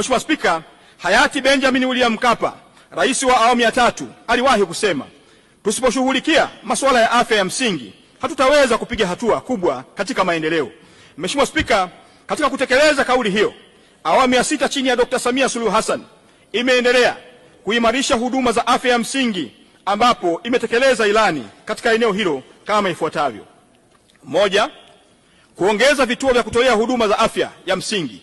Mheshimiwa Spika, hayati Benjamin William Mkapa, rais wa awamu ya tatu, aliwahi kusema tusiposhughulikia masuala ya afya ya msingi hatutaweza kupiga hatua kubwa katika maendeleo. Mheshimiwa Spika, katika kutekeleza kauli hiyo, awamu ya sita chini ya Dr. Samia Suluhu Hassan imeendelea kuimarisha huduma za afya ya msingi ambapo imetekeleza ilani katika eneo hilo kama ifuatavyo: moja, kuongeza vituo vya kutolea huduma za afya ya msingi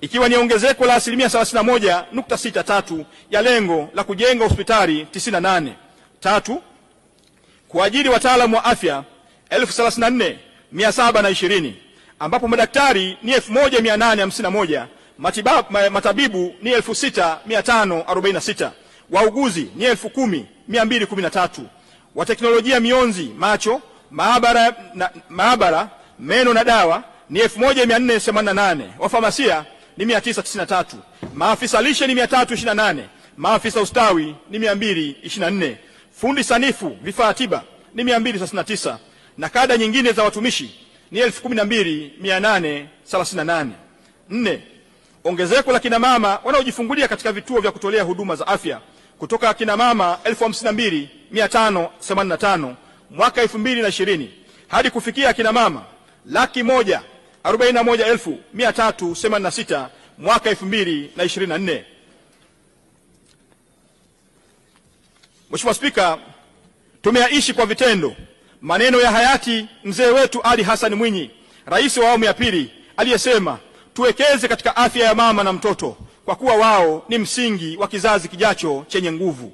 ikiwa ni ongezeko la asilimia 31.63 ya lengo la kujenga hospitali 98. Tatu, kuajiri wataalamu wa afya 34720 ambapo madaktari ni 1851, matibabu matabibu ni 6546, wauguzi ni 10213, wateknolojia mionzi, macho, maabara, na, maabara meno na dawa ni 1488, wafamasia ni 993, maafisa lishe ni 328, maafisa ustawi ni 224, fundi sanifu vifaa tiba ni 239 na kada nyingine za watumishi ni 12838. Nne, ongezeko la kina mama wanaojifungulia katika vituo vya kutolea huduma za afya kutoka kina mama 52585 mwaka 2020 hadi kufikia kina mama laki moja 41386 mwaka 2024. Mheshimiwa Spika, tumeyaishi kwa vitendo maneno ya hayati mzee wetu Ali Hassan Mwinyi, rais wa awamu ya pili, aliyesema tuwekeze katika afya ya mama na mtoto kwa kuwa wao ni msingi wa kizazi kijacho chenye nguvu.